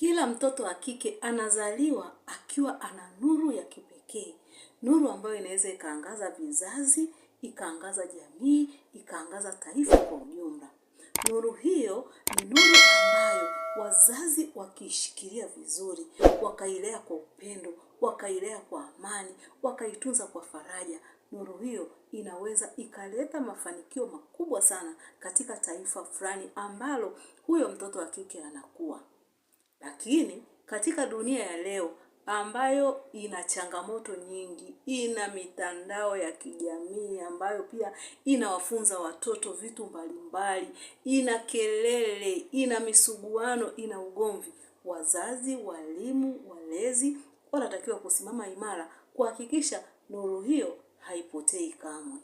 Kila mtoto wa kike anazaliwa akiwa ana nuru ya kipekee, nuru ambayo inaweza ikaangaza vizazi, ikaangaza jamii, ikaangaza taifa kwa ujumla. Nuru hiyo ni nuru ambayo wazazi wakiishikilia vizuri, wakailea kwa upendo, wakailea kwa amani, wakaitunza kwa faraja, nuru hiyo inaweza ikaleta mafanikio makubwa sana katika taifa fulani ambalo huyo mtoto wa kike anakuwa. Lakini katika dunia ya leo ambayo ina changamoto nyingi, ina mitandao ya kijamii ambayo pia inawafunza watoto vitu mbalimbali, ina kelele, ina misuguano, ina ugomvi, wazazi, walimu, walezi wanatakiwa kusimama imara kuhakikisha nuru hiyo haipotei kamwe.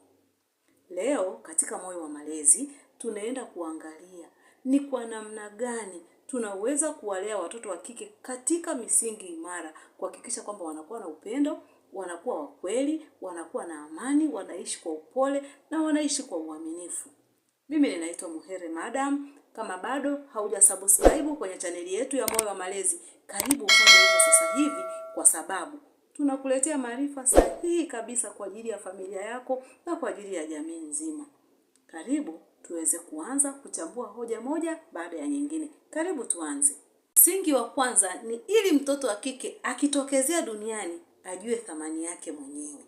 Leo katika Moyo wa Malezi tunaenda kuangalia ni kwa namna gani tunaweza kuwalea watoto wa kike katika misingi imara, kuhakikisha kwamba wanakuwa na upendo, wanakuwa wa kweli, wanakuwa na amani, wanaishi kwa upole na wanaishi kwa uaminifu. Mimi ninaitwa Muhere Madam. Kama bado hauja subscribe kwenye chaneli yetu ya Moyo wa Malezi, karibu ufanye hivyo sasa hivi, kwa sababu tunakuletea maarifa sahihi kabisa kwa ajili ya familia yako na kwa ajili ya jamii nzima. Karibu tuweze kuanza kuchambua hoja moja baada ya nyingine. Karibu tuanze. Msingi wa kwanza ni ili mtoto wa kike akitokezea duniani ajue thamani yake mwenyewe.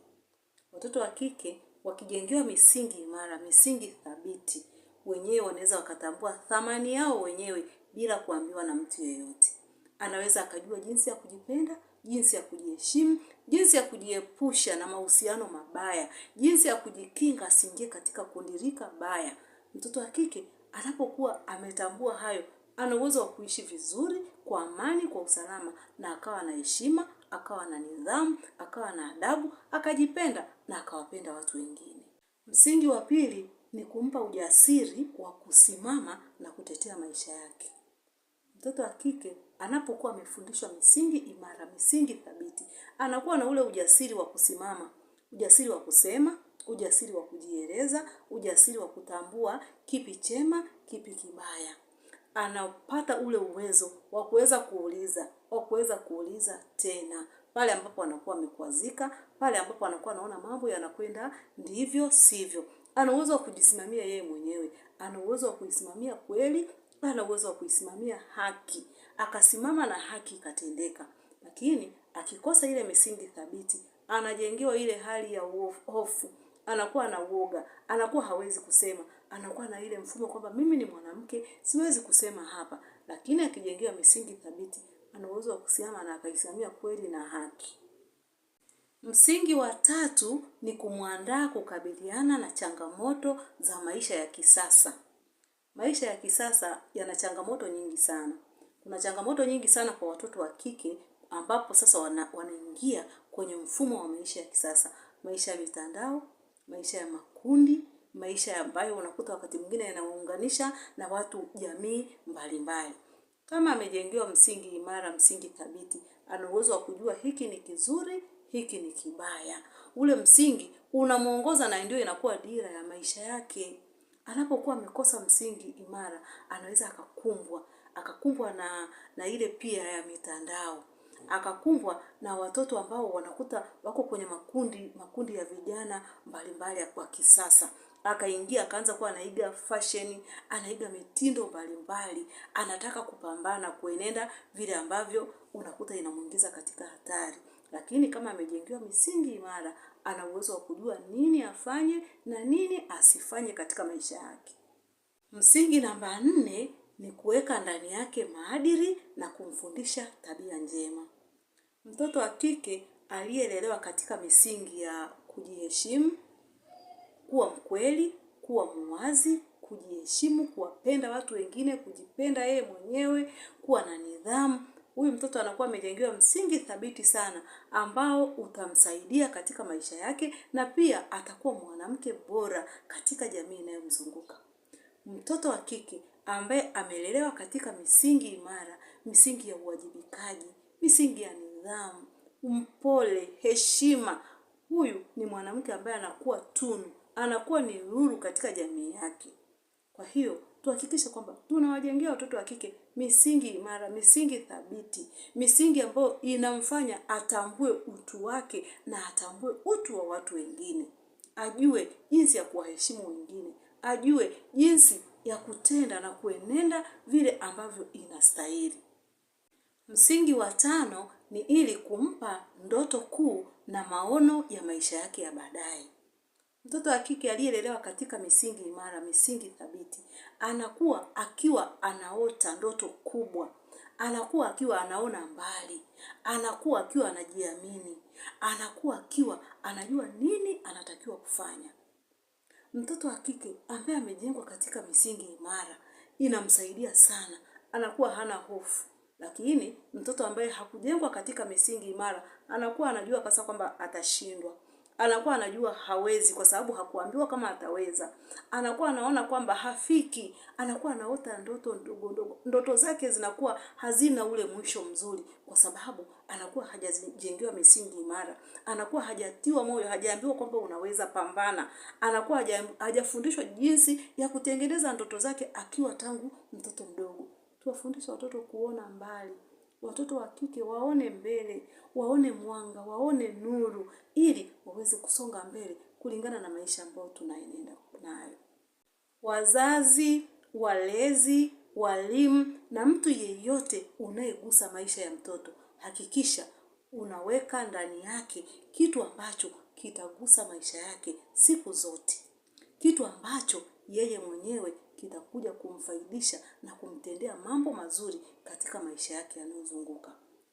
Watoto wa kike wakijengewa misingi imara, misingi thabiti, wenyewe wanaweza wakatambua thamani yao wenyewe bila kuambiwa na mtu yeyote. Anaweza akajua jinsi ya kujipenda, jinsi ya kujiheshimu, jinsi ya kujiepusha na mahusiano mabaya, jinsi ya kujikinga asiingie katika kundirika baya. Mtoto wa kike anapokuwa ametambua hayo, ana uwezo wa kuishi vizuri kwa amani, kwa usalama, na akawa na heshima, akawa na nidhamu, akawa na adabu, akajipenda na akawapenda watu wengine. Msingi wa pili ni kumpa ujasiri wa kusimama na kutetea maisha yake. Mtoto wa kike anapokuwa amefundishwa misingi imara, misingi thabiti, anakuwa na ule ujasiri wa kusimama, ujasiri wa kusema, ujasiri wa kujieleza, ujasiri wa kutambua kipi chema, kipi kibaya. Anapata ule uwezo wa kuweza kuuliza, wa kuweza kuuliza tena pale ambapo anakuwa amekwazika, pale ambapo anakuwa anaona mambo yanakwenda ndivyo sivyo. Ana uwezo wa kujisimamia yeye mwenyewe, ana uwezo wa kuisimamia kweli, ana uwezo wa kuisimamia haki, akasimama na haki ikatendeka. Lakini akikosa ile misingi thabiti, anajengewa ile hali ya hofu, anakuwa na uoga, anakuwa hawezi kusema, anakuwa na ile mfumo kwamba mimi ni mwanamke, siwezi kusema hapa. Lakini akijengewa misingi thabiti, ana uwezo wa kusimama na akaisimamia kweli na haki. Msingi wa tatu ni kumwandaa kukabiliana na changamoto za maisha ya kisasa. Maisha ya kisasa yana changamoto nyingi sana. Kuna changamoto nyingi sana kwa watoto wa kike ambapo sasa wana, wanaingia kwenye mfumo wa maisha ya kisasa, maisha ya mitandao, maisha ya makundi, maisha ambayo unakuta wakati mwingine yanaunganisha na watu jamii mbalimbali. Kama amejengewa msingi imara, msingi thabiti, ana uwezo wa kujua hiki ni kizuri, hiki ni kibaya. Ule msingi unamwongoza na ndio inakuwa dira ya maisha yake. Anapokuwa amekosa msingi imara, anaweza akakumbwa akakumbwa na, na ile pia ya mitandao akakumbwa na watoto ambao wanakuta wako kwenye makundi makundi ya vijana mbalimbali wa kisasa akaingia akaanza kuwa anaiga fashion, anaiga mitindo mbalimbali, anataka kupambana kuenenda vile ambavyo unakuta inamwingiza katika hatari, lakini kama amejengewa misingi imara, ana uwezo wa kujua nini afanye na nini asifanye katika maisha yake. Msingi namba nne ni kuweka ndani yake maadili na kumfundisha tabia njema. Mtoto wa kike aliyelelewa katika misingi ya kujiheshimu, kuwa mkweli, kuwa mwazi, kujiheshimu, kuwapenda watu wengine, kujipenda yeye mwenyewe, kuwa na nidhamu. Huyu mtoto anakuwa amejengewa msingi thabiti sana ambao utamsaidia katika maisha yake na pia atakuwa mwanamke bora katika jamii inayomzunguka. Mtoto wa kike ambaye amelelewa katika misingi imara, misingi ya uwajibikaji, misingi ya nidhamu, mpole, heshima. Huyu ni mwanamke ambaye anakuwa tunu, anakuwa ni nuru katika jamii yake. Kwa hiyo tuhakikishe kwamba tunawajengea watoto wa kike misingi imara, misingi thabiti, misingi ambayo inamfanya atambue utu wake na atambue utu wa watu wengine, ajue jinsi ya kuwaheshimu wengine, ajue jinsi ya kutenda na kuenenda vile ambavyo inastahili. Msingi wa tano ni ili kumpa ndoto kuu na maono ya maisha yake ya baadaye. Mtoto wa kike aliyelelewa katika misingi imara, misingi thabiti, anakuwa akiwa anaota ndoto kubwa, anakuwa akiwa anaona mbali, anakuwa akiwa anajiamini, anakuwa akiwa anajua nini anatakiwa kufanya. Mtoto wa kike ambaye amejengwa katika misingi imara inamsaidia sana, anakuwa hana hofu lakini mtoto ambaye hakujengwa katika misingi imara anakuwa anajua kasa kwamba atashindwa, anakuwa anajua hawezi, kwa sababu hakuambiwa kama ataweza. Anakuwa anaona kwamba hafiki, anakuwa anaota ndoto ndogo ndogo, ndoto zake zinakuwa hazina ule mwisho mzuri, kwa sababu anakuwa hajajengewa misingi imara, anakuwa hajatiwa moyo, hajaambiwa kwamba unaweza pambana, anakuwa hajafundishwa jinsi ya kutengeneza ndoto zake akiwa tangu mtoto mdogo tuwafundishe watoto kuona mbali, watoto wa kike waone mbele, waone mwanga, waone nuru, ili waweze kusonga mbele kulingana na maisha ambayo tunaenenda nayo. Wazazi, walezi, walimu na mtu yeyote unayegusa maisha ya mtoto, hakikisha unaweka ndani yake kitu ambacho kitagusa maisha yake siku zote, kitu ambacho yeye mwenyewe kitakuja kumfaidisha na kumtendea mambo mazuri katika maisha yake yanayozunguka.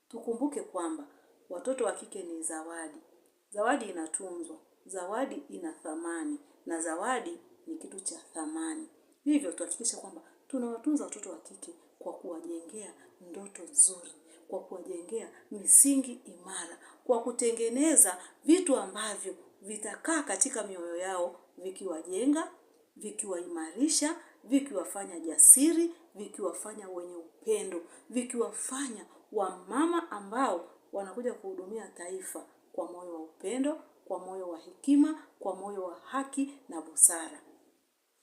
Tukumbuke kwamba watoto wa kike ni zawadi. Zawadi inatunzwa, zawadi ina thamani na zawadi ni kitu cha thamani. Hivyo tuhakikishe kwamba tunawatunza watoto wa kike kwa kuwajengea ndoto nzuri, kwa kuwajengea misingi imara, kwa kutengeneza vitu ambavyo vitakaa katika mioyo yao vikiwajenga, vikiwaimarisha vikiwafanya jasiri, vikiwafanya wenye upendo, vikiwafanya wamama ambao wanakuja kuhudumia taifa kwa moyo wa upendo, kwa moyo wa hekima, kwa moyo wa haki na busara.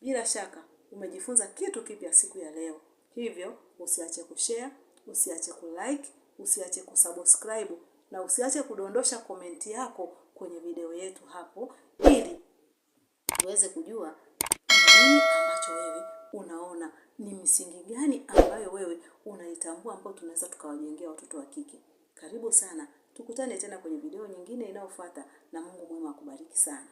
Bila shaka umejifunza kitu kipya siku ya leo, hivyo usiache kushare, usiache kulike, usiache kusubscribe na usiache kudondosha komenti yako kwenye video yetu hapo, ili tuweze kujua ambacho wewe unaona ni misingi gani ambayo wewe unaitambua ambayo tunaweza tukawajengea watoto wa kike. Karibu sana, tukutane tena kwenye video nyingine inayofuata, na Mungu mwema akubariki sana.